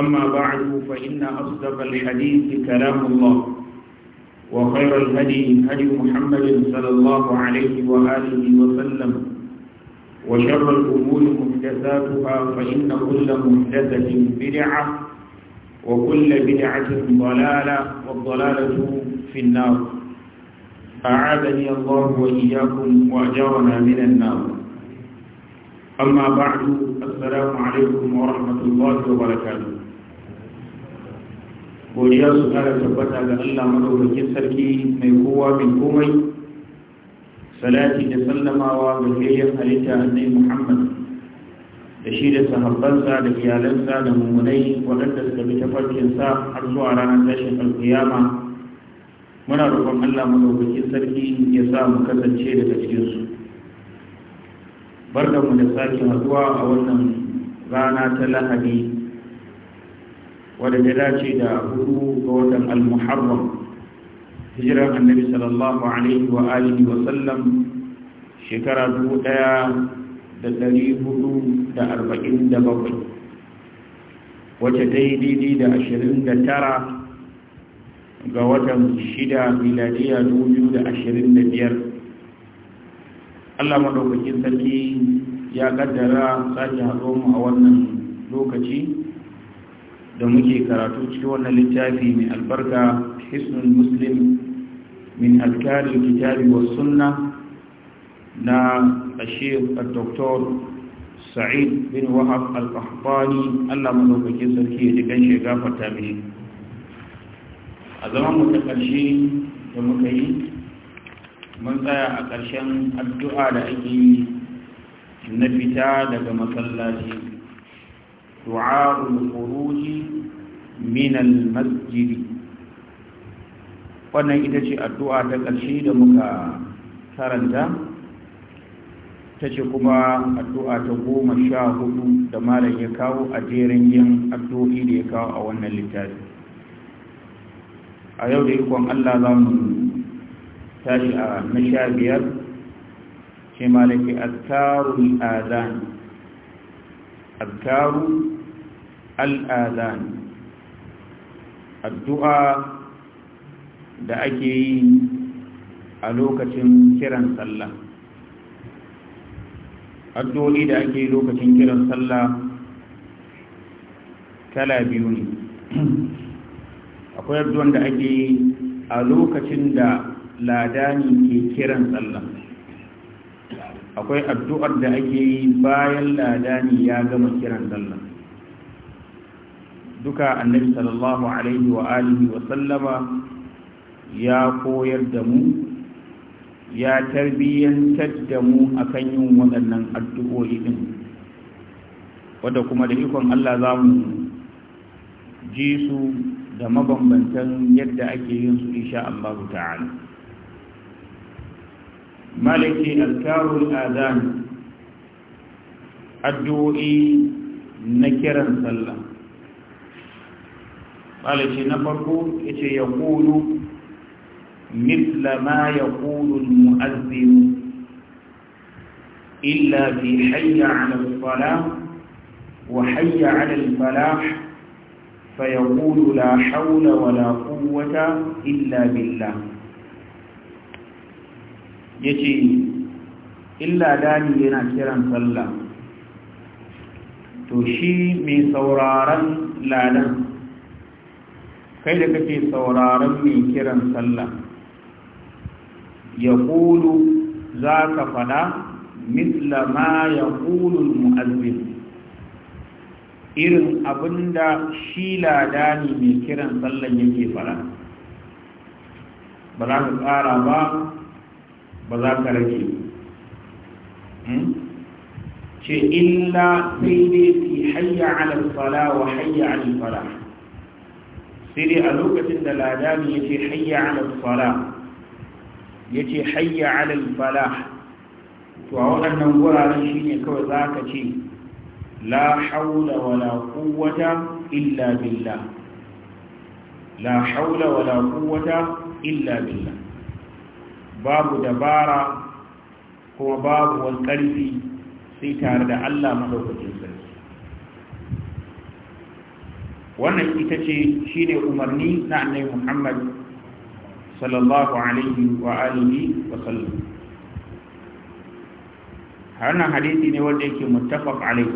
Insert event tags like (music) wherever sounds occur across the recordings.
أما بعد فإن أصدق الحديث كلام الله وخير الهدي هدي محمد صلى الله عليه وآله وسلم وشر الأمور محدثاتها فإن كل محدثة بدعة وكل بدعة ضلالة والضلالة في النار أعاذني الله وإياكم وأجرنا من النار أما بعد السلام عليكم ورحمة الله وبركاته godiya su kara tabbata ga Allah madaukakin sarki mai kowa mai komai salati da sallamawa ga yayin halitta annabi Muhammad da shi da sahabbansa da iyalansa da mummunai waɗanda suka bi tafarkin sa har zuwa ranar tashin alkiyama muna roƙon Allah madaukakin sarki ya sa mu kasance da cikin su barkanmu da sake haduwa a wannan rana ta Lahadi wadda ta dace da hudu ga watan al-muharram hijira annabi sallallahu alaihi wa alihi wa sallam shekara dubu daya da dari hudu da arba'in da bakwai wacce daidai da ashirin da tara ga watan shida miladiya dubu da ashirin da biyar allah maɗaukakin sarki ya kaddara sake hazo mu a wannan lokaci da muke karatu cikin wannan littafi mai albarka hisnul muslim min alkarin kitabi wa sunna na ashir al-doktor sa'id bin wahab al-qahtani allah madaukakin sarki ya jikan shi gafarta mishi a zaman mu ta ƙarshe da muka yi mun tsaya a ƙarshen addu'a da ake yi na fita daga masallaci دعاء الخروج من المسجد wannan ita ce addu'a ta ƙarshe da muka karanta ta ce kuma addu'a ta goma sha hudu da malam ya kawo a jerin yin addu'o'i da ya kawo a wannan littafi a yau da ikon allah za mu tashi a na sha biyar ce malaki azkarul azan azkaru al'adhan addu'a da ake yi a lokacin kiran sallah addu'o'i da ake yi lokacin kiran sallah kala biyu ne (clears throat) akwai addu'an da ake yi a lokacin da ladani ke kiran sallah akwai addu'ar da ake yi bayan ladani ya gama kiran sallah duka annabi sallallahu alaihi wa alihi wa sallama ya koyar da mu ya tarbiyyantar da mu akan yin waɗannan addu'o'i din wadda kuma da ikon Allah za mu ji su da mabambantan yadda ake yin su insha Allah ta'ala malaki alkarul adhan addu'o'i na kiran sallah malaci na farko ya ce ya kulu misla ma ya kulu mu'azzinu illa fi hayya ala wa فيقول لا حول ولا قوة إلا بالله يجي إلا داني لنا كيران صلى to shi mai sauraron ladan kai da kake sauraron mai kiran sallah ya ƙulu za ka faɗa misla ma ya ƙulu mu'azzin irin abinda shi ladani mai kiran sallan yake faɗa ba za ka tsara ba ba za ka rage hmm? ce illa sai dai fi hayya ala sala wa hayya ala falah sai a lokacin da ladani ya ce hayya alal fala ya ce hayya alal fala to a waɗannan wuraren shi ne kawai za ka ce la haula wala quwwata illa biLla! la haula wala quwwata illa biLla!" babu dabara kuma babu wani ƙarfi sai tare da Allah madaukakin sarki wannan ita ce shi ne umarni na annai muhammad sallallahu alaihi wa alihi wa sallam hannun hadisi ne wanda yake muttafaq alai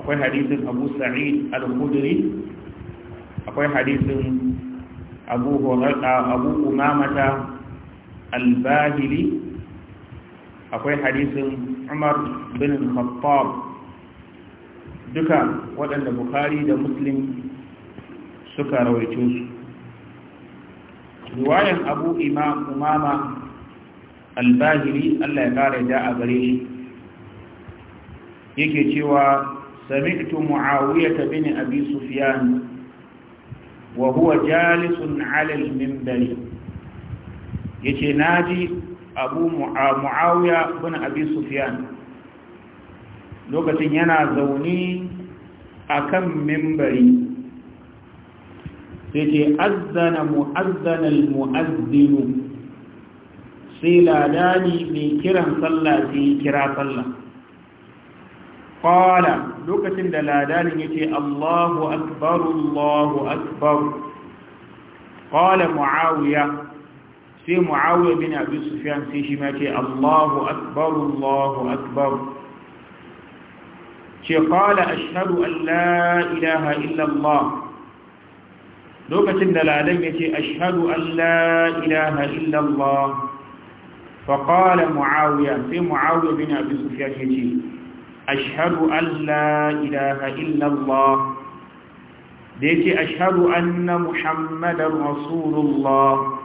akwai hadisin abu sa'id al-khudri akwai hadisin abu hurairah abu umamata al-bahili akwai hadisin umar bin al-khattab duka waɗanda bukari da muslim suka rawaito su riwayan abu imam umama albahiri allah ya kare da a gare shi yake cewa sami'tu muawiyata bin abi sufyan wa huwa jalisun alal al-minbari yace naji abu muawiya bin abi sufyan lokacin yana zaune akan mimbari yace azzana muazzana mu'azzinu. sai ladani mai kiran sallah sai kira sallah qala lokacin da ladanin ce Allahu akbar Allahu akbar qala muawiya sai muawiya bin abi sufyan sai shi ma ce Allahu akbar Allahu akbar ce qala ashhadu an la ilaha illa Allah lokacin da ladan yace ashhadu an la ilaha illa Allah fa qala muawiya sai muawiya bin abi sufyan yace ashhadu an la ilaha illa Allah da yace ashhadu anna muhammadar rasulullah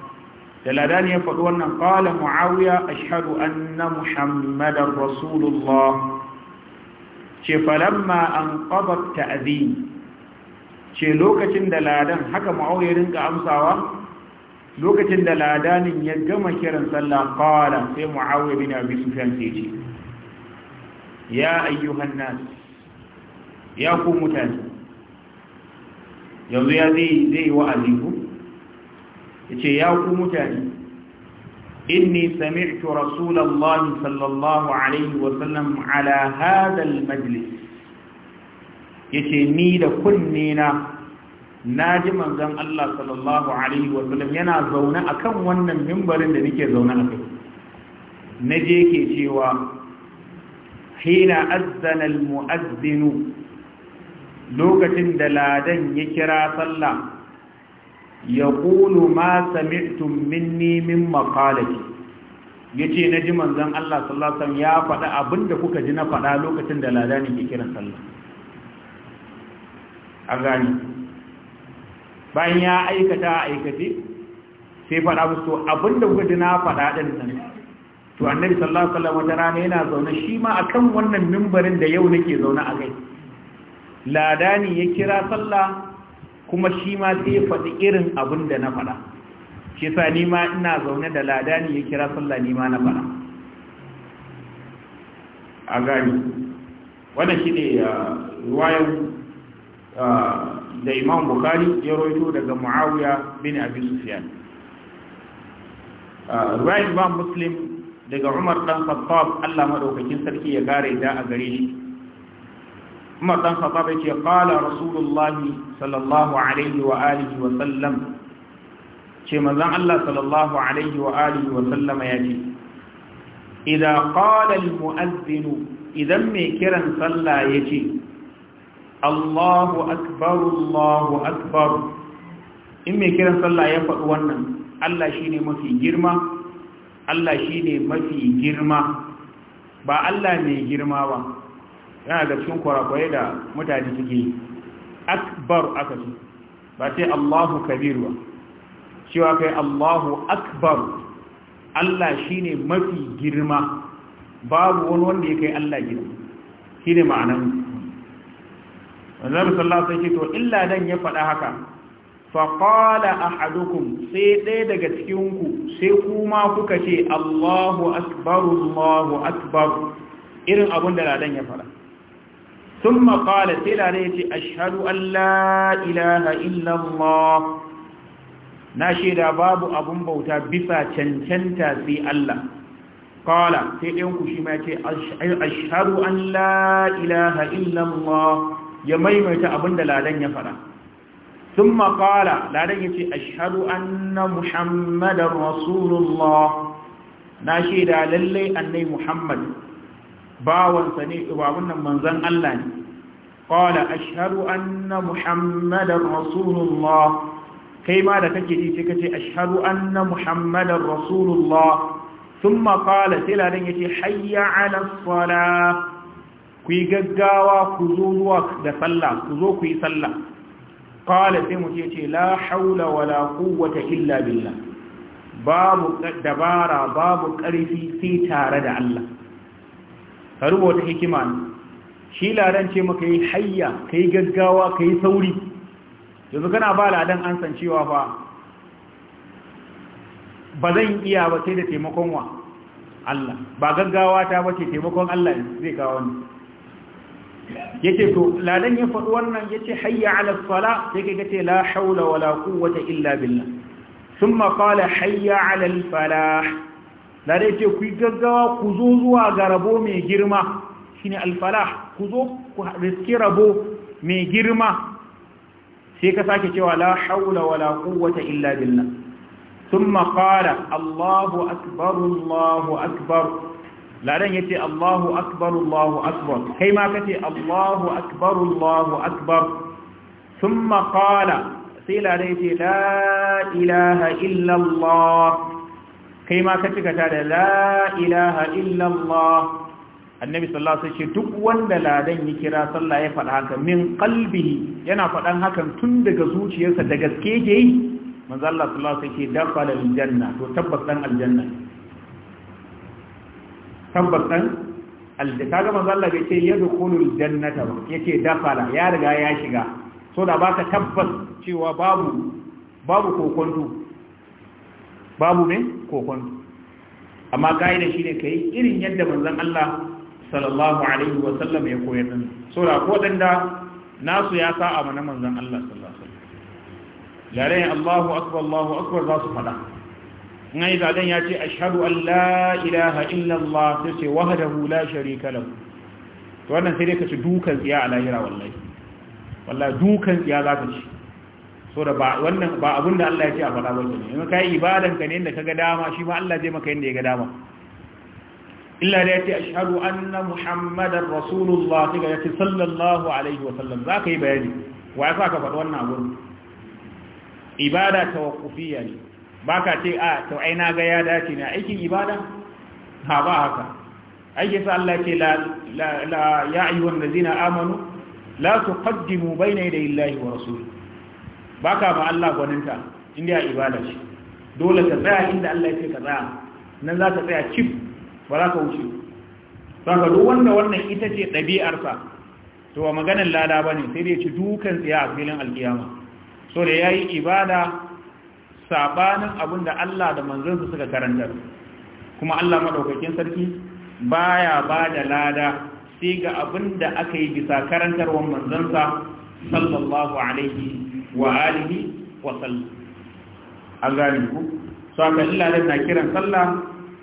da ladan ya faɗi wannan qala muawiya ashhadu anna muhammadar rasulullah ce falamma an qabat ta'zim ce lokacin da ladan haka mu'awiya rinka amsawa lokacin da ladanin ya gama kiran sallah qala sai mu'awiya bin abi sufyan sai ce ya ayyuhan nas ya ku mutane yanzu ya zai zai wa'azi ku ce ya ku mutane إني سمعت رسول الله صلى الله عليه وسلم على هذا المجلس يتني لكننا ناجم عن الله صلى الله عليه وسلم ينا زونا أكم ونن منبر لنك زونا أكم نجيك يتيوا حين أذن المؤذن لوكة دلادن يكرا صلى الله yaqulu ma sami'tum minni min maqalati yace na ji manzon Allah sallallahu alaihi wasallam ya faɗa abinda kuka ji na faɗa lokacin da ladani ke kiran sallah a gani bayan ya aikata aikace sai faɗa musu abinda kuka ji na faɗa din nan to annabi sallallahu alaihi wasallam wata rana yana zaune shi ma akan wannan mimbarin da yau nake zaune a kai ladani ya kira sallah kuma shi ma sai ya faɗi irin abin da na faɗa shi sa ni ma ina zaune da Lada ladani ya kira sallah ni ma na faɗa a gani wannan shi ne uh, wayan uh, da imam bukari ya roito daga muawiya bin abi sufyan uh, ruwayan imam muslim daga umar ɗan khattab allah maɗaukakin sarki ya gare da a gare shi umar dan khattab yace qala rasulullahi sallallahu alaihi wa alihi wa sallam ce manzon Allah sallallahu alaihi wa alihi wa sallama yace idza qala al mu'adhdhin idan mai kiran sallah yace Allahu akbar Allahu akbar in mai kiran sallah ya faɗi wannan Allah shine mafi girma Allah shine mafi girma ba Allah mai girma ba yana da cikin kwarakwai da mutane suke akbar aka ce ba sai allahu kabir ba cewa kai allahu akbar allah shine mafi girma babu wani wanda ya kai allah girma shi ne ma'anan wanzan musallar sai ce to illa dan ya faɗa haka faƙala a hadukum sai ɗaya daga cikinku sai kuma kuka ce allahu akbar allahu akbar irin abin da ladan ya faɗa sun maƙala sai lare ya ce ashadu Allah ilaha illallah na shaida babu abun bauta bisa cancanta sai Allah ƙala sai ɗayan ku shi ma ce ashadu Allah ilaha illallah ya maimaita abin da ladan ya fara sun maƙala ladan ya ce ashadu anna muhammadar rasulullah na shaida lallai annai muhammad bawansa ne babun nan manzon Allah ne qala ashhadu anna muhammadar rasulullah kai ma da kake ji sai kace ashhadu anna muhammadar rasulullah thumma qala sai ladan yace hayya ala salah ku yi gaggawa ku zo zuwa da sallah ku zo ku yi sallah qala sai mu ce la haula wala quwwata illa billah babu dabara babu ƙarfi sai tare da Allah ka rubuta hikima ne shi ladan ce maka yi hayya ka yi gaggawa ka yi sauri yanzu kana ba ladan an san cewa fa ba zan iya ba sai da taimakon wa Allah ba gaggawa ta ba ce taimakon Allah zai kawo ni yace to ladan ya faɗi wannan yace hayya ala sala sai kaga ce la haula wala quwwata illa billah thumma qala hayya ala al falah da ce ku gaggawa ku zo zuwa ga rabo mai girma shine alfalah ku zo ku riski rabo mai girma sai ka sake cewa la haula wala quwwata illa billah thumma qala Allahu akbar Allahu akbar ladan yace Allahu akbar Allahu akbar kai ma kace Allahu akbar Allahu akbar thumma qala sai ladan ce, la ilaha illa Allah kai ma ka cika ta da la ilaha illallah annabi sallallahu alaihi wasallam duk wanda ladan ya kira sallah ya faɗa haka min qalbihi yana faɗan hakan tun daga zuciyarsa da gaske yake yi manzo Allah sallallahu alaihi wasallam dakhala aljanna to tabbas ɗan, aljanna tabbas ɗan, aljanna ta manzo Allah bai ce yadkhulul jannata ba yake dakhala ya riga ya shiga so da baka tabbas cewa babu babu kokonto babu mai kokon amma ka'ida shi ne ka yi irin yadda manzan Allah sallallahu alaihi wa sallam ya koyar nan saboda ko dan da nasu ya sa amma na manzan Allah sallallahu alaihi wa sallam Allahu akbar Allahu akbar za su fada in ai zadan ya ce ashhadu an la ilaha illa Allah sai ce wahdahu la sharika lahu to wannan sai dai ka ci dukan tsiya a lahira wallahi wallahi dukan tsiya za ka ci so ba wannan ba abin da Allah ya ce a faɗa ba ne in kai ibadan ka ne inda ga dama shi ma Allah zai maka yanda ya ga dama illa da yace ashhadu anna muhammadar rasulullah ga yace sallallahu alaihi wa sallam za ka yi bayani wa ya ka faɗi wannan abun ibada tawaqqufiyya ne baka ce a to ai na ga ya dace ne aikin ibada ha ba haka aiki sa Allah ce la la ya ayyuhallazina amanu la tuqaddimu bayna yaday illahi wa rasulihi baka ma Allah gwaninta inda ya ibada ce dole ka tsaya inda Allah ya ce ka tsaya nan za ka tsaya cif ba za ka wuce za ka duk wanda wannan ita ce ɗabi'arsa to ba maganar lada bane ne sai dai ci dukan tsaya a filin alkiyama so da ya yi ibada saɓanin abin Allah da manzansa suka karanta kuma Allah maɗaukakin sarki baya ba da lada sai ga abin da aka yi bisa karantarwar manzansa sallallahu alaihi wa alihi wa sallam an gane ku so aka na kiran sallah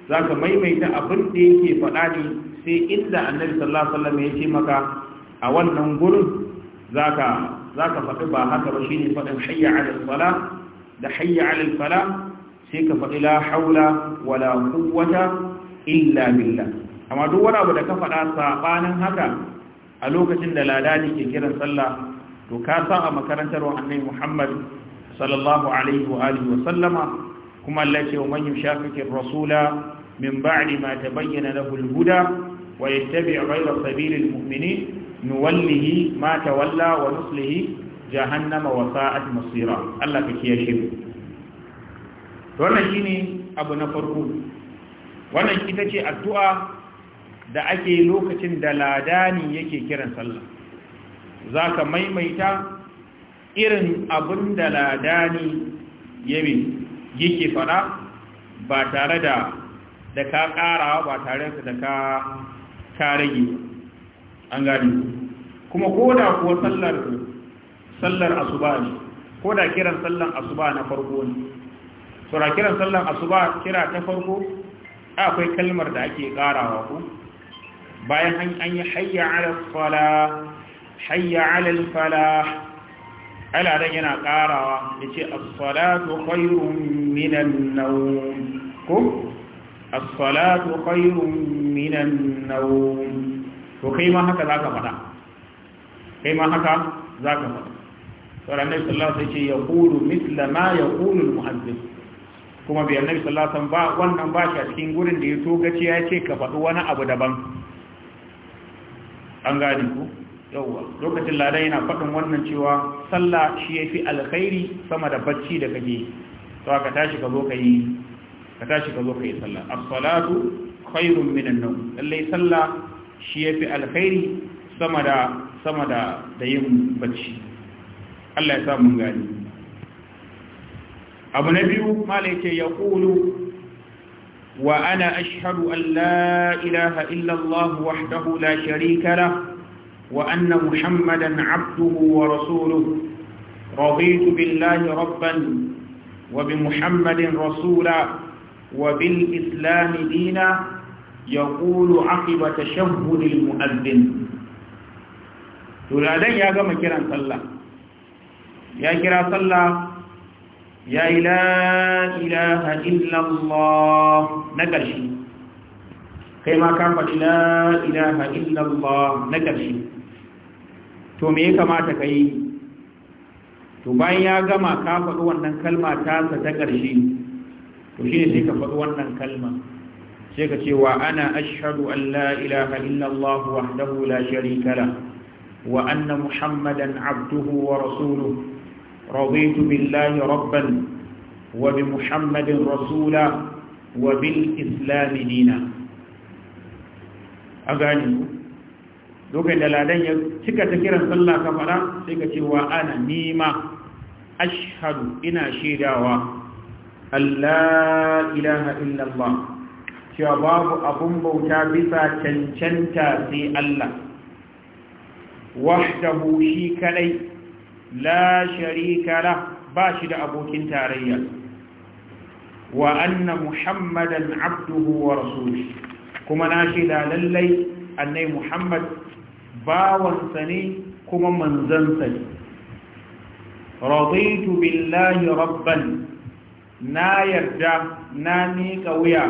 zaka maimaita abin da yake faɗa ne sai inda annabi sallallahu alaihi wasallam ya ce maka a wannan gurin zaka zaka faɗi ba haka ba shine faɗin hayya ala salat da hayya ala falah sai ka faɗi la haula wala quwwata illa billah amma duk wani abu da ka faɗa sabanin haka a lokacin da ne ke kiran sallah to ka sa a makarantar wa annabi Muhammad sallallahu alaihi wa alihi wa sallama kuma Allah ce wa man yushaqiqir rasula min ba'di ma tabayyana lahu al-huda wa yattabi' ghayra sabilil mu'minin nuwallihi ma tawalla wa nuslihi jahannama wa sa'at masira Allah ka kiyashe mu wannan shine abu na farko wannan ita ce addu'a da ake lokacin da ladani yake kiran sallah za ka maimaita irin abin da ladani yabi yake fara ba tare da da ka ƙara ba tare da ka ka rage an gani kuma ko da kuwa sallar sallar asuba ne ko da kiran sallar asuba na farko ne saura kiran sallar asuba kira ta farko akwai kalmar da ake karawa ku bayan an yi hayya ala salat hayya alal falah ala dan yana karawa yace as-salatu khairun minan nawm ko as-salatu khairun minan nawm to kai ma haka zaka fada kai ma haka zaka fada to annabi sallallahu alaihi wasallam yace yaqulu mithla ma yaqulu al-muhaddith kuma bi annabi sallallahu alaihi wasallam ba wannan ba shi a cikin gurin da ya togace ya ce ka faɗi wani abu daban an gane ku yauwa lokacin ladan yana faɗin wannan cewa sallah shi ya fi alkhairi sama da bacci da kake to ka tashi ka zo ka yi ka tashi ka zo ka yi sallah as-salatu khairun min an-nawm lallai sallah shi ya fi alkhairi sama da sama da da yin bacci Allah ya sa mun gani abu na biyu malai ce ya qulu wa ana ashhadu an la ilaha illa Allah wahdahu la sharika lahu وأن محمدا عبده ورسوله رضيت بالله ربا وبمحمد رسولا وبالإسلام دينا يقول عقب تشهد المؤذن تولادن يا جماعة كيران صلى يا كيران صلى يا لا إله إلا الله نكرشي كما كان لا إله إلا الله نكرشي to me ya kamata ka yi to bayan ya gama ka faɗi wannan kalma tasa ta ƙarshe to ne sai ka faɗi wannan kalma sai ka ce wa ana ashhadu an la ilaha illallah wahdahu la sharikala la wa anna muhammadan abduhu wa rasuluhu raditu billahi rabban wa bi muhammadin rasula wa bil islam dina a gani Dokai da ladan ya cika ta kiran sallah ka fara sai ka ce wa ana nima ashhadu ina shaidawa Allah ilaha illallah cewa babu abun bauta bisa cancanta sai Allah wahdahu shi kadai la sharika la ba shi da abokin tarayya wa anna muhammadan abduhu wa rasuluhu kuma na shaida lallai annai muhammad bawansa ne kuma manzansa ne raditu billahi rabban na yarda na miƙa wuya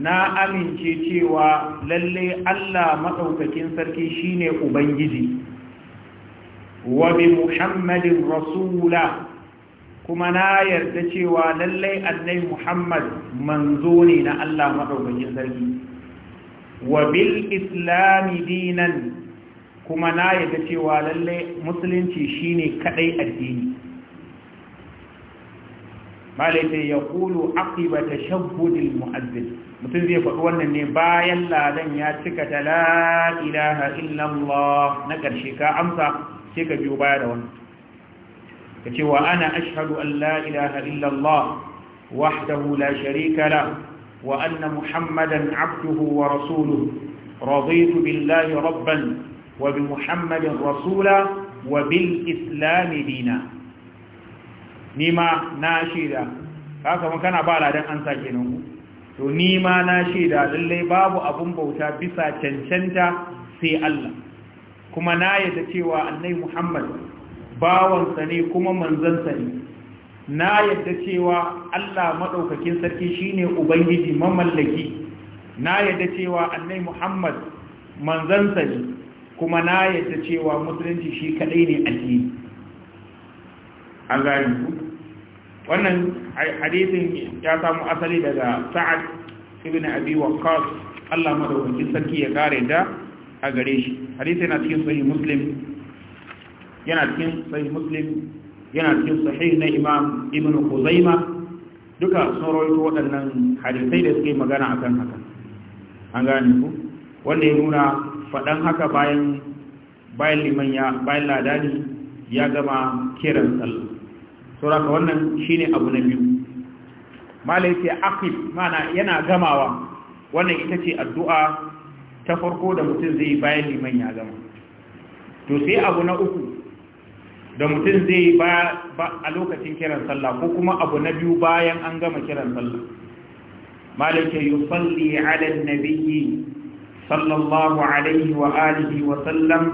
na amince cewa lalle Allah maɗaukakin sarki shine ubangiji wa bi muhammadin rasula kuma na yarda cewa lallai annai muhammad manzo ne na allah maɗaukakin sarki wa bil islami dinan kuma na yadda cewa lalle musulunci shine kadai addini malaitai ya kulu aqiba tashabbudil mu'azzin mutum zai faɗi wannan ne bayan ladan ya cika ta la ilaha illallah na ƙarshe ka amsa sai ka biyo baya da wannan ka ce wa ana ashhadu an la ilaha illallah wahdahu la sharika la وأن محمدا عبده ورسوله رضيت بالله ربا وبمحمد رسولا وبالإسلام دينا نيما ناشيدا haka mun kana ba ladan ansa sake nan to ni ma na shaida lallai babu abun bauta bisa cancanta sai Allah kuma na yadda cewa annai Muhammad bawansa ne kuma manzansa ne na yadda cewa Allah maɗaukakin sarki shine ubangiji mamallaki na yadda cewa annai muhammad manzansa ne kuma na yadda cewa musulunci shi kaɗai ne addini an gani ku wannan hadisin ya samu asali daga sa'ad ibn abi waqqas Allah madaukakin sarki ya kare da a gare shi hadisi yana cikin sahih muslim yana cikin sahih muslim yana cikin sahih na imam ibn Khuzaima duka sun rawaito waɗannan hadisai da suke magana akan haka an gane ku wanda ya nuna faɗan haka bayan bayan liman ya bayan ladani ya gama kiran sallah sauraka wannan shine abu na biyu malai sai mana yana gamawa wannan ita ce addu'a ta farko da mutum zai bayan liman ya gama to sai abu na uku da mutum zai ba a lokacin kiran sallah ko kuma abu na biyu bayan an gama kiran sallah malaka yusalli ala nabiyyi sallallahu alaihi wa alihi wa sallam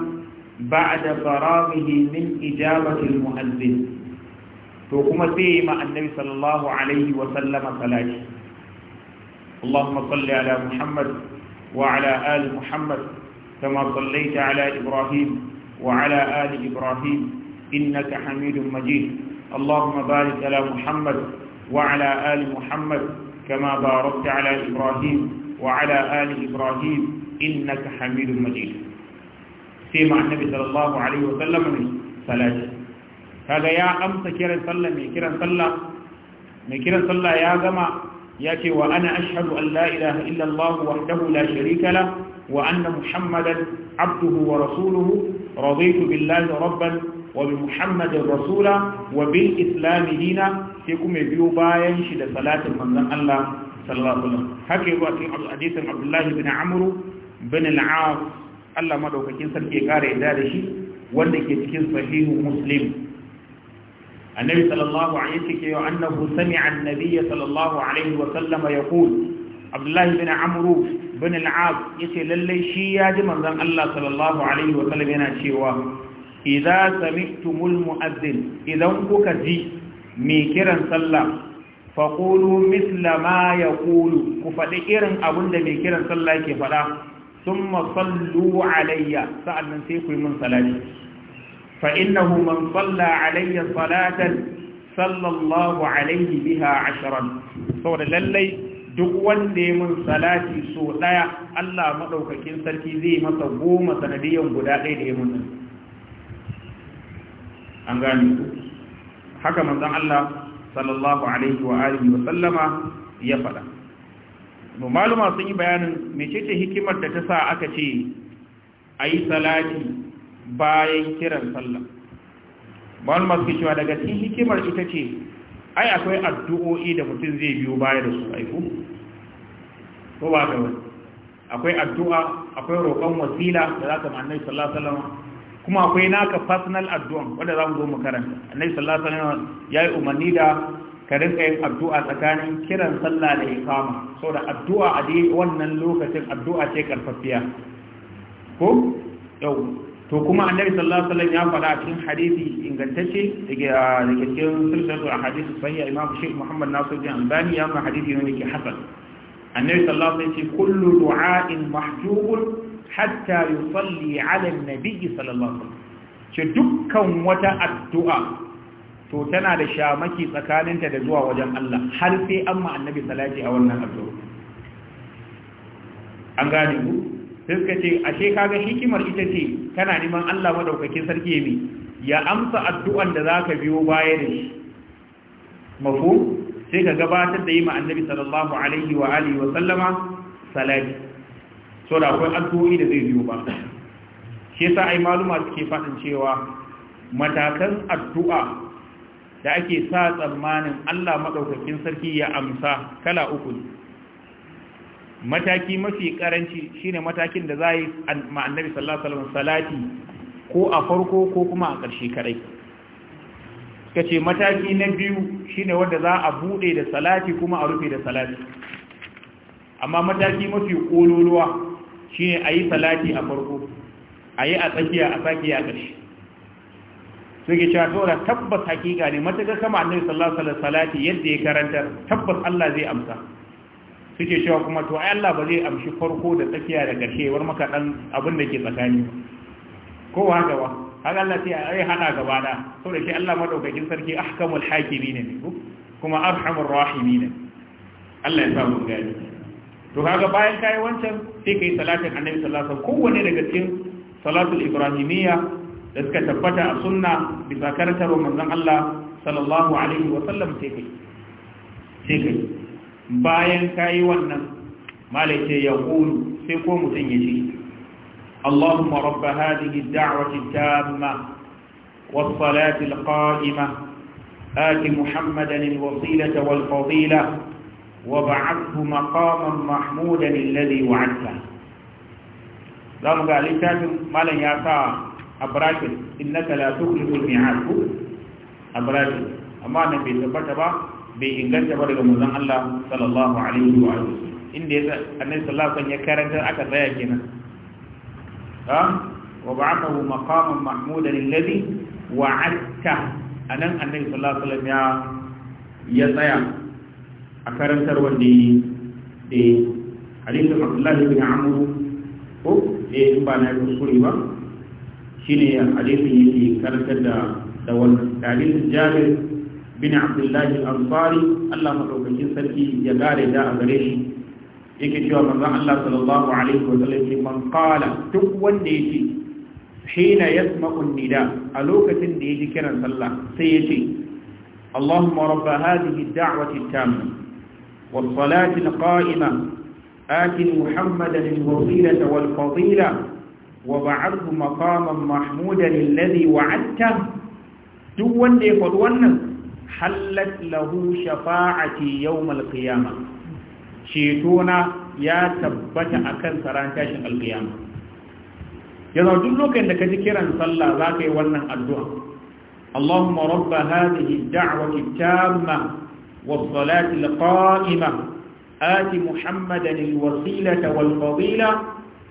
ba'da faraghihi min ijabati al-mu'adhdhin to kuma sai ma annabi sallallahu alaihi wa sallama salati اللهم صل على محمد وعلى آل محمد كما صليت على إبراهيم وعلى آل إبراهيم إنك حميد مجيد اللهم بارك على محمد وعلى آل محمد كما باركت على إبراهيم وعلى آل إبراهيم إنك حميد مجيد سيما النبي صلى الله عليه وسلم من صلاة هذا يا أمس كيرا صلى من كيرا صلى من كيرا صلى يا جماعة ياتي وأنا أشهد أن لا إله إلا الله وحده لا شريك له وأن محمدا عبده ورسوله رضيت بالله ربا Wabi bi muhammadin rasula wa bil islami dina sai kuma biyu bayan shi da salatin manzon Allah sallallahu alaihi wasallam haka yabo cikin hadisin Abdullah ibn Amr bin al-As Allah madaukakin sarki ya kare da shi wanda ke cikin sahihu Muslim annabi sallallahu alaihi wasallam ya annahu sami'a an sallallahu alaihi wasallam yaqul Abdullahi bin Amr bin al-As yace lalle shi ya ji manzon Allah sallallahu alaihi wasallam yana cewa idza sami'tumul mu'azzin idan kuka ji mai kiran sallah faƙulu misla ma ya ku faɗi irin abin da mai kiran sallah ke faɗa sun masallu alayya sa'annan sai ku yi min salati fa innahu man salla alayya salatan sallallahu alayhi biha asharan saboda lallai duk wanda ya min salati so ɗaya Allah maɗaukakin sarki zai masa goma sanadiyan guda ɗaya da ya min an gane ku haka manzon Allah sallallahu alaihi wa alihi wa sallama ya faɗa mu maluma sun yi bayanin mecece hikimar da ta sa aka ce ayi salati bayan kiran sallah maluma suke cewa daga cikin hikimar ita ce ai akwai addu'o'i da mutum zai biyo baya da su aiku ko ba ka wani akwai addu'a akwai roƙon wasila da za ka ma'annai sallallahu alaihi kuma akwai naka personal addu'a wanda za mu zo mu karanta annabi sallallahu alaihi wasallam yayi umarni da ka rinka yin addu'a tsakanin kiran sallah da ikama saboda addu'a a dai wannan lokacin addu'a ce karfafiya ko yau to kuma annabi sallallahu alaihi wasallam ya faɗa a cikin hadisi ingantacce daga daga cikin a hadisi sahih imam shaykh muhammad nasiruddin albani ya ma hadisi ne ke hasan annabi sallallahu alaihi wasallam ya ce kullu du'a'in mahjubun hatta yusalli ala nabi sallallahu alaihi wasallam dukkan wata addu'a to tana da shamaki tsakaninta da zuwa wajen Allah har sai an ma annabi salati a wannan addu'a an gane ku sai suka ce ashe kaga hikimar ita ce kana neman Allah madaukakin sarki ne ya amsa addu'an da zaka biyo baya da shi mafu sai ka gabatar da yi ma annabi sallallahu alaihi wa alihi wa sallama salati so da akwai addu'o'i da zai biyo ba shi yasa ai maluma suke fadin cewa matakan addu'a da ake sa tsammanin Allah madaukakin sarki ya amsa kala uku ne mataki mafi karanci shine matakin da zai ma annabi sallallahu alaihi wasallam salati ko a farko ko kuma a ƙarshe karai. kace mataki na biyu shine wanda za a bude da salati kuma a rufe da salati amma mataki mafi kololuwa shine ayi salati a farko ayi a tsakiya a tsakiya a ƙarshe suke cewa saboda tabbas hakika ne matuƙar kama annabi sallallahu alaihi salati yadda ya karanta tabbas Allah zai amsa suke cewa kuma to ai Allah ba zai amshi farko da tsakiya da ƙarshe war maka dan abin da ke tsakani ko haka ba haka Allah sai ai hada gaba da saboda shi Allah madaukakin sarki ahkamul hakimin ne kuma arhamur rahimin Allah ya sa mu gani to kaga bayan kai wancan sai kai salatin annabi sallallahu alaihi wasallam kowanne daga cikin salatul ibrahimiyya da suka tabbata a sunna bisa karantarwar manzon Allah sallallahu alaihi wasallam sai kai sai kai bayan kai wannan malai ce ya kulu sai ko mutum ya ce Allahumma rabb hadhihi ad-da'wati at-tamma was-salati al-qa'imah آت محمدا الوصيلة والفضيلة وبعثه مقاما محمودا الذي وعدته zamu ga littafin malam ya sa a bracket innaka la tukhliful mi'ad ku a bracket amma nan bai ba bai inganta ba daga manzon Allah sallallahu alaihi wa alihi inda ya annabi sallallahu alaihi ya karanta aka tsaya kenan ha wa ba'athahu maqaman mahmudan alladhi wa'adta anan annabi sallallahu alaihi ya ya tsaya a karantar wanda yi da hadisin abdullahi bin amuru ko eh ba na kuskure ba shine hadisin yake karantar da da wannan hadisin jabir bin abdullahi al-ansari Allah madaukakin sarki ya gare da a gare shi yake cewa manzon Allah sallallahu alaihi wa sallam man qala duk wanda yake hina yasma'u nida a lokacin da yaji kiran sallah sai yace Allahumma rabb hadhihi ad-da'wati at-tamma والصلاة القائمة آت محمدا الوسيلة والفضيلة وبعثه مقاما محمودا الذي وعدته duk wanda ya faɗi wannan hallat lahu shafa'ati yawmal qiyama ceto na ya tabbata akan saran tashin alqiyama duk lokacin da kaji kiran sallah zaka yi wannan addu'a Allahumma rabb hadhihi ad-da'wati at-tamma والصلاة القائمة آت محمدا الوسيلة والفضيلة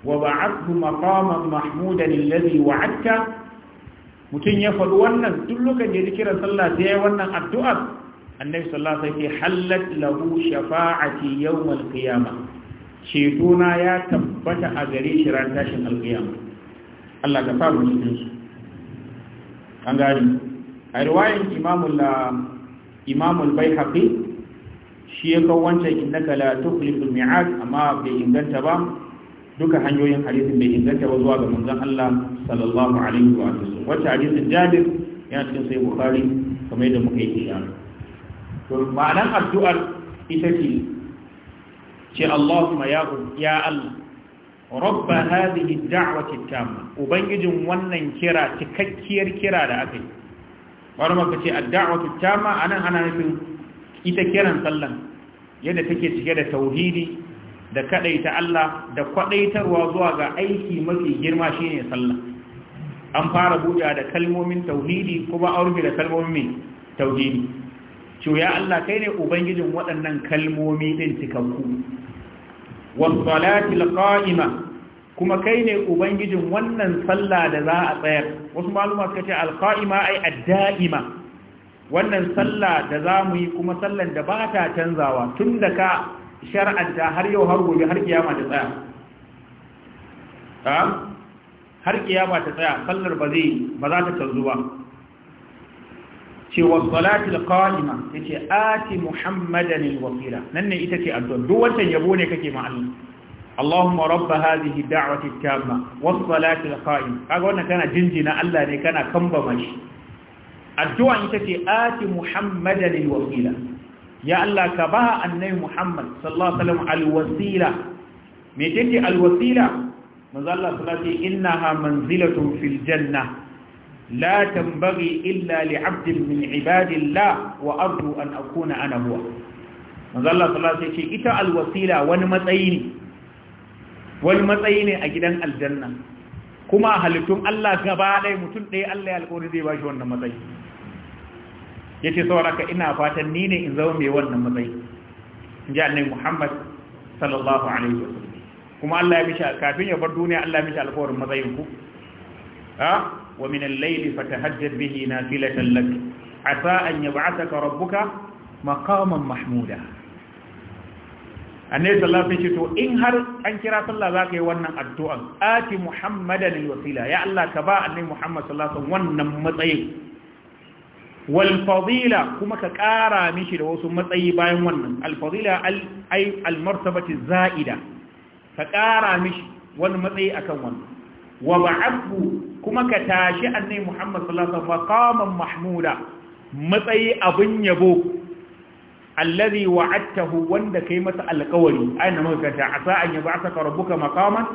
وبعثه مقاما محمودا الذي وعدته mutum ya faɗi wannan duk lokacin da ya kiran sallah sai ya wannan addu'ar annabi sallallahu alaihi wasallam hallat lahu shafa'ati yawm al-qiyama ceto ya tabbata a gare shi ran al Allah riwayan imamul bai haƙi shi ya kawo wancan innaka la tukhliful mi'ad amma bai inganta ba duka hanyoyin hadisin bai inganta ba zuwa ga manzon Allah sallallahu alaihi wa sallam wacce hadisin Jabir yana cikin sai Bukhari kamar yadda muka yi ishara to ma'anar addu'ar ita ce ce Allahumma ya ya Allah rabb hadhihi ad-da'wati at-tamma ubangijin wannan kira cikakkiyar kira da aka Wani maka ce adda'watu a anan ana nufin ita kiran sallan yadda take cike da tauhidi da kadaita Allah da kwadaitarwa zuwa ga aiki mafi girma shine sallah an fara buɗa da kalmomin tauhidi kuma an rufe da kalmomin tauhidi ciwo ya Allah kai ne ubangijin waɗannan kalmomi din cikakku wasalati alqaima kuma kai ne ubangijin wannan sallah da za a tsayar wasu maluma suka ce alqa'ima ai adda'ima wannan sallah da za mu yi kuma sallan da ba ta canzawa tun da ka shar'anta har yau har gobe har kiyama ta tsaya har kiyama ta tsaya sallar ba zai ba za ta canzu ba cewa salatul qa'ima ati Muhammadanin alwasila nan ne ita ce addu'a duk wancan yabo ne kake ma Allahumma rabba hadhihi da'wati tamma was salati al-qa'im kaga wannan kana jinjina Allah ne kana kambama shi addu'a ita ce ati muhammadan al-wasila ya Allah ka ba annabi Muhammad sallallahu alaihi wasallam al-wasila me take al-wasila manzo Allah sallallahu manzilatun fil janna لا تنبغي إلا لعبد من عباد الله وأرجو أن أكون أنا هو manzo Allah sallallahu ita alwasila wani matsayi ne wani matsayi ne a gidan aljanna kuma a halittun Allah gaba ɗaya mutum ɗaya Allah ya alƙawari zai bashi wannan matsayi ya yace sauraka ina fatan ni ne in zama mai wannan matsayi in ji annabi Muhammad sallallahu alaihi wasallam kuma Allah ya mishi kafin ya bar duniya Allah ya mishi alƙawarin matsayin ku ha wa min al-layli fatahajjad bihi nafilatan lak asa an yab'athaka rabbuka maqaman mahmuda annabi sallallahu alaihi wasallam to in har an kira sallah za ka yi wannan addu'an ati muhammadan alwasila ya Allah ka ba annabi muhammad sallallahu alaihi wasallam wannan matsayin wal fadila kuma ka kara mishi da wasu matsayi bayan wannan al fadila ay al martabati zaida ka kara mishi wani matsayi akan wannan wa ba'athu kuma ka tashi annabi muhammad sallallahu alaihi wasallam maqaman mahmuda matsayi abun yabo allazi wa'adtahu wanda kai masa alƙawari aina magata asa an yab'athaka rabbuka maqaman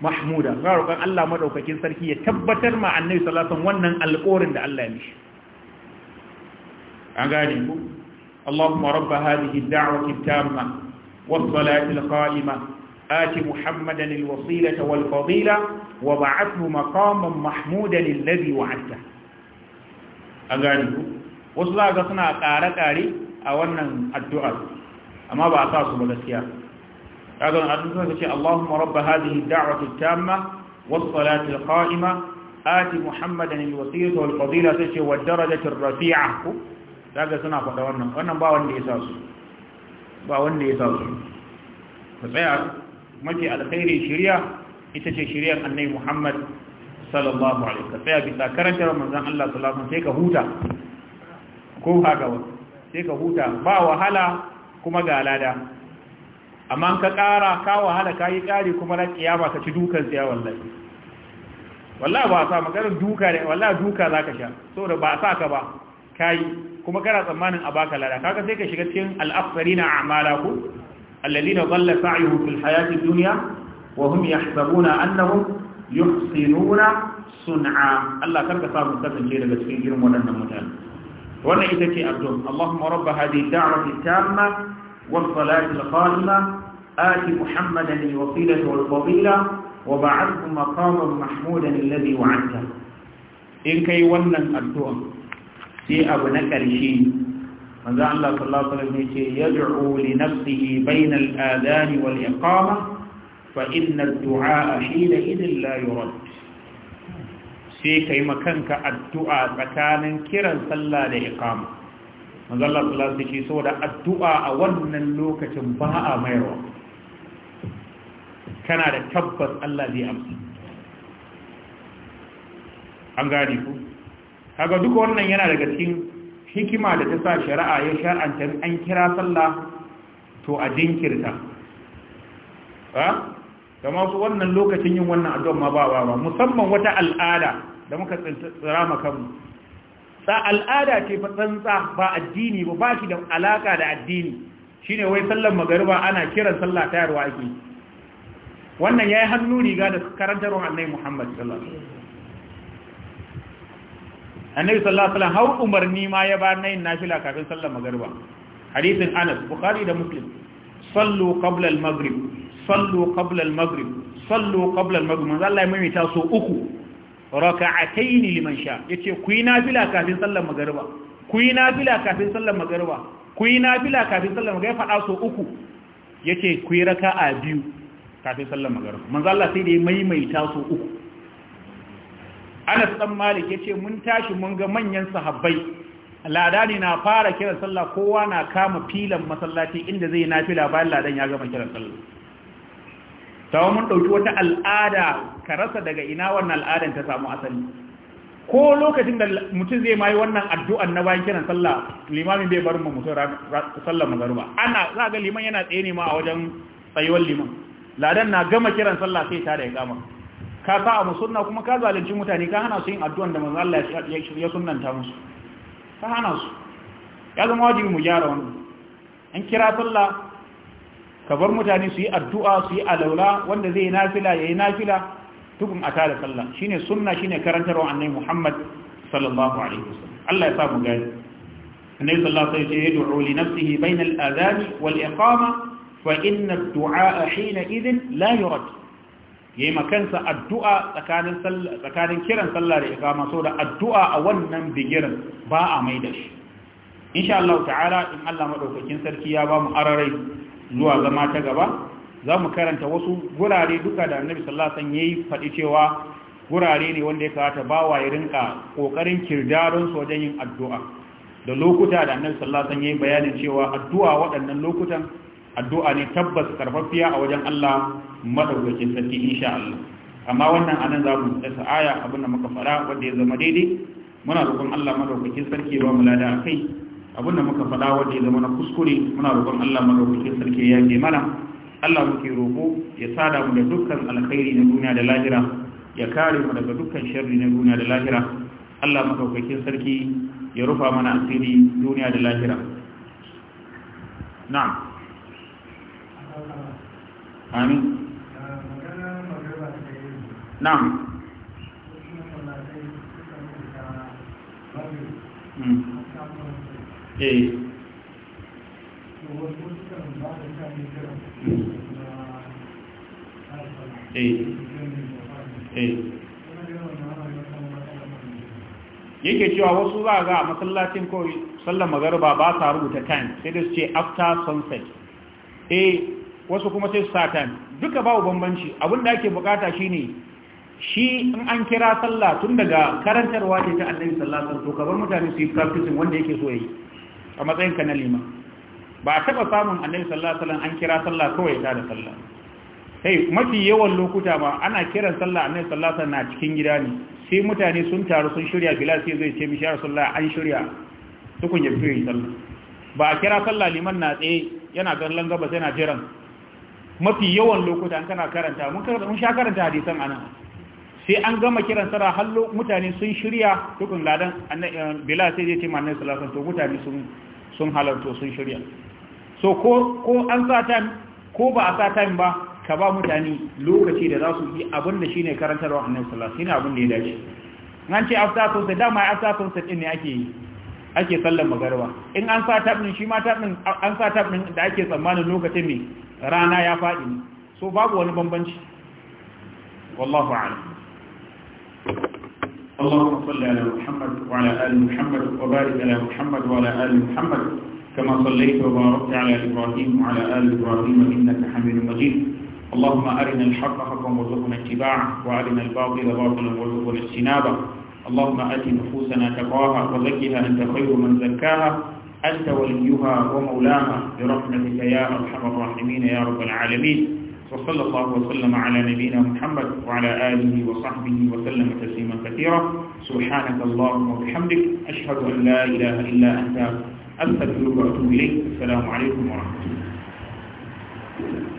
mahmuda ga roƙon Allah madaukakin sarki ya tabbatar ma annabi sallallahu alaihi wannan alƙawarin da Allah ya mishi an gane ku Allahumma rabb hadhihi ad-da'wati at-tamma was-salati al-qa'ima آت محمدا الوصيلة والفضيلة وبعثه مقاما محمودا الذي وعدته أغاني وصلا قصنا قارة قاري a wannan addu'ar amma ba a sa su ba gaskiya kaga an addu'a ce Allahumma rabb hadhihi ad-da'wati at-tamma was-salati al-qa'ima ati Muhammadan al-wasiyata wal-fadila tace wa darajati ar-rafi'a ku kaga suna faɗa wannan wannan ba wanda ya sa su ba wanda ya sa su ka tsaya mafi alkhairi shari'a ita ce shari'ar Annabi Muhammad sallallahu alaihi wasallam ka tsaya bisa karantar manzon Allah sallallahu alaihi sai ka huta ko haka wani sai ka huta ba wahala kuma ga alada amma ka ƙara ka wahala ka yi ƙari kuma na ƙiyama ka ci dukan siya wallahi wallahi ba sa maganin duka ne wallahi duka za ka sha saboda ba sa ka ba ka yi kuma kana tsammanin a baka lada kaga sai ka shiga cikin al'afsarina a'malaku alladhina dhalla sa'yuhum fil hayati dunya wa hum yahsabuna annahum yuhsinuna sun'a Allah karka samu kasance daga cikin irin waɗannan mutane ونعيدتي أبدون اللهم رب هذه الدعوة التامة والصلاة القائمة آت محمدا الوصيلة والفضيلة وبعثه مقاما محمودا الذي وعدته إن كي ونن أبدون في أبنك الشين ماذا الله صلى الله عليه وسلم يدعو لنفسه بين الآذان والإقامة فإن الدعاء حينئذ لا يرد sai ka yi makanka addu'a tsakanin kiran sallah da ikama manzallar salatu shi saboda addu'a a wannan lokacin ba a mayarwa kana da tabbas Allah zai amsa an gane ku Haga duka wannan yana daga cikin hikima da ta sa shari'a ya sha'anta an kira sallah to a jinkirta ba kama su wannan lokacin yin wannan addu'a ma ba ba musamman wata al'ada da muka tsira ma kanmu sa al'ada ce fa tsantsa ba addini ba ba shi da alaka da addini shine wai sallan magariba ana kiran sallah ta yarwa ake wannan yayi hannu riga da karantarwar Annabi Muhammad sallallahu alaihi wasallam har umarni ma ya ba nayin nafila kafin sallan magariba hadisin Anas Bukhari da Muslim sallu qabla al-maghrib sallu qabla al-maghrib sallu qabla al-maghrib manzo Allah ya maimaita so uku raka'atayn liman sha yace ku yi nafila kafin sallar magriba ku yi nafila kafin sallar magriba ku yi nafila kafin sallar magriba fada so uku yace ku yi raka'a biyu kafin sallar magriba manzo Allah sai da mai maimaita so uku Anas dan Malik yace mun tashi mun ga manyan sahabbai ladani na fara kiran sallah kowa na kama filan masallaci inda zai na fila bayan ladan ya gama kiran sallah tawa mun dauki wata al'ada ka rasa daga ina wannan al'adan ta samu asali ko lokacin da mutum zai mai wannan addu'an na bayan kiran sallah limamin bai barin mutum sallah magaruba ana za ga liman yana tsaye ne ma a wajen tsayuwar liman ladan na gama kiran sallah sai ta da ya gama ka sa a musunna kuma ka zalunci mutane ka hana su yin addu'an da manzo Allah ya sunnanta musu ta hana su ya zama wajibi mu gyara wannan an kira sallah ka bar mutane su yi addu'a su yi alaula wanda zai yi nafila ya yi nafila tukun a tare sallah shine sunna shine karantarwa annabi Muhammad sallallahu alaihi wasallam Allah ya sa mu gani annabi sallallahu alaihi wasallam ya du'u li nafsihi bayna al-adhan wal iqama fa inna ad-du'a hina idhin la yurad yayi makansa addu'a tsakanin kiran sallah da ikama so da addu'a a wannan bigirin ba a mai da shi insha Allah ta'ala in Allah madaukakin sarki ya ba mu ararai zuwa zama ta gaba za mu karanta wasu gurare duka da annabi sallallahu alaihi wasallam yayi faɗi cewa gurare ne wanda ya kawata bawa ya rinka kokarin kirdaron su wajen yin addu'a da lokuta da annabi sallallahu alaihi wasallam yayi bayanin cewa addu'a waɗannan lokutan addu'a ne tabbas karfafiya a wajen Allah madaukakin sarki insha Allah amma wannan anan za mu tsaya aya abin da muka fara wanda ya zama daidai muna roƙon Allah madaukakin sarki ba mu lada kai abin da muka fara wanda ya zama na kuskure muna roƙon Allah madaukakin sarki ya ke mana Allah muke roƙo ya sada mu da dukkan alkhairi na duniya da lahira ya kare mu daga dukkan sharri na duniya da lahira Allah madaukakin sarki ya rufa mana asiri duniya da lahira na'am amin na'am hmm. eh. Eh. Eh. yake cewa wasu za ga a masallacin kawai sallar magarba ba sa rubuta time sai da su ce after sunset eh wasu kuma sai su satan duka babu bambanci abinda ake bukata shine shi in an kira sallah tun daga karantarwa ce ta annabi sallallahu alaihi wasallam to kabar mutane su yi practicing wanda yake so yi a matsayin ka na liman ba a taba samun annabi sallallahu alaihi wasallam an kira sallah kawai ta da sallah Sai mafi yawan lokuta ma ana kiran sallah annabi sallallahu alaihi wasallam na cikin gida ne sai mutane sun taru sun shirya bilal sai zai ce mishi sallah rasulullah an shirya tukun ya fi yi sallah ba a kira sallah liman na tsaye yana kallon sai yana jiran mafi yawan lokuta an kana karanta mun sha karanta hadisan anan sai an gama kiran sara hallo mutane sun shirya dukkan ladan eh, bila sai zai ce mannan salafin to mutane sun halarto sun shirya so ko an sa time ko ba a sa time ba ka ba mutane lokaci da za su yi abin da shi ne karantarwa annan salafin shi ne abin da ya dace an ce after sunset dama after sunset ɗin ne ake yi ake sallan magarba in an sa tab din shi ma tab din an sa din da ake tsammanin lokacin ne rana ya faɗi ne so babu wani bambanci wallahu a'lam اللهم صل على محمد وعلى آل محمد وبارك على محمد وعلى آل محمد كما صليت وباركت على إبراهيم وعلى آل إبراهيم إنك حميد مجيد اللهم أرنا الحق حقا وارزقنا اتباعه وأرنا الباطل باطلا وارزقنا اجتنابه اللهم آت نفوسنا تقواها وزكها أنت خير من زكاها أنت وليها ومولاها برحمتك يا أرحم الراحمين يا رب العالمين وصلى الله وسلم على نبينا محمد وعلى آله وصحبه وسلم تسليما كثيرا سبحانك اللهم وبحمدك أشهد أن لا إله إلا أنت أستغفرك وأتوب إليك السلام عليكم ورحمة الله